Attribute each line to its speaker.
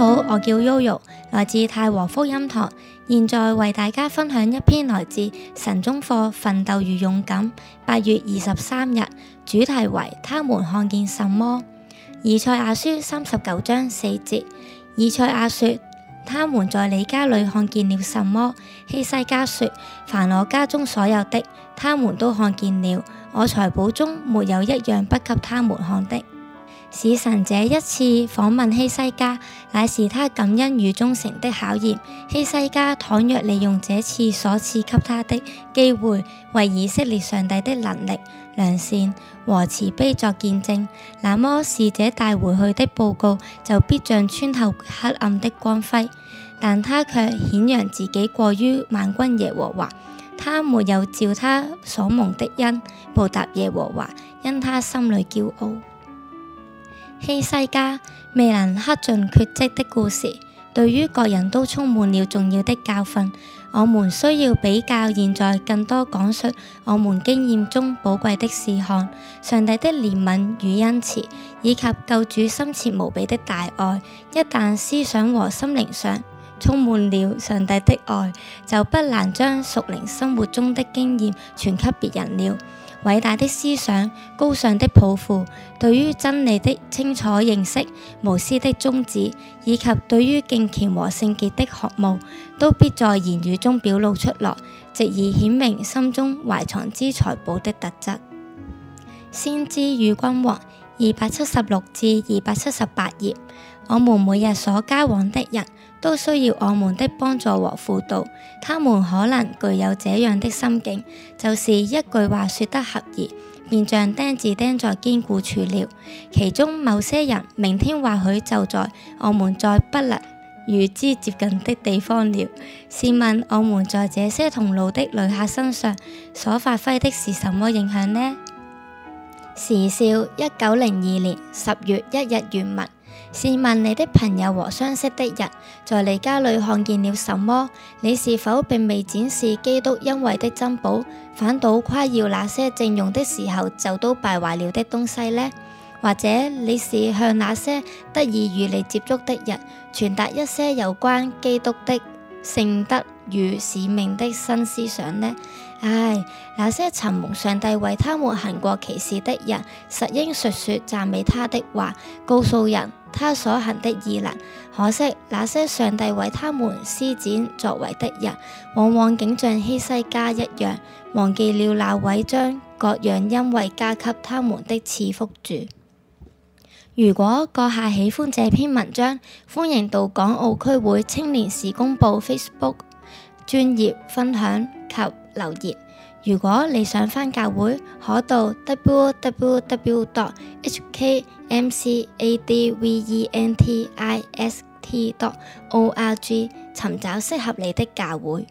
Speaker 1: 大家好，我叫 y 邱 o 來自太和福音堂，現在為大家分享一篇來自神中課《奮鬥與勇敢》，八月二十三日，主題為他們看見什麼。以賽亞書三十九章四節，以賽亞說：他們在你家裏看見了什麼？希西家說：凡我家中所有的，他們都看見了，我財寶中沒有一樣不給他們看的。使臣這一次訪問希西家，乃是他感恩與忠誠的考驗。希西家倘若利用這次所賜給他的機會，為以色列上帝的能力、良善和慈悲作見證，那麼使者帶回去的報告就必像穿透黑暗的光輝。但他卻顯揚自己過於萬軍耶和華，他沒有照他所蒙的恩報答耶和華，因他心裏驕傲。希西、hey, 家未能克盡厥職的故事，對於各人都充滿了重要的教訓。我們需要比較現在更多講述我們經驗中寶貴的事項，上帝的憐憫與恩慈，以及救主深切無比的大愛。一旦思想和心靈上充滿了上帝的愛，就不難將屬靈生活中的經驗傳給別人了。偉大的思想、高尚的抱負、對於真理的清楚認識、無私的宗旨，以及對於敬虔和聖潔的渴慕，都必在言語中表露出來，藉以顯明心中懷藏之財寶的特質。先知與君王，二百七十六至二百七十八頁。我們每日所交往的人，都需要我們的幫助和輔導，他們可能具有這樣的心境，就是一句話說得合宜，便像釘子釘在堅固處了。其中某些人，明天或許就在我們再不能與之接近的地方了。試問我們在這些同路的旅客身上所發揮的是什麼影響呢？時少，一九零二年十月一日原文。試問你的朋友和相識的人，在你家裏看見了什麼？你是否並未展示基督恩惠的珍寶，反倒誇耀那些正用的時候就都敗壞了的東西呢？或者你是向那些得以與你接觸的人傳達一些有關基督的？聖德與使命的新思想呢？唉，那些曾蒙上帝為他們行過奇事的人，實應述說讚美他的話，告訴人他所行的異能。可惜，那些上帝為他們施展作為的人，往往竟像希西家一樣，忘記了那位將各樣恩惠加給他們的賜福主。如果閣下喜歡這篇文章，歡迎到港澳區會青年時公報 Facebook 專業分享及留言。如果你想返教會，可到 www.hkmcadventist.org 尋找適合你的教會。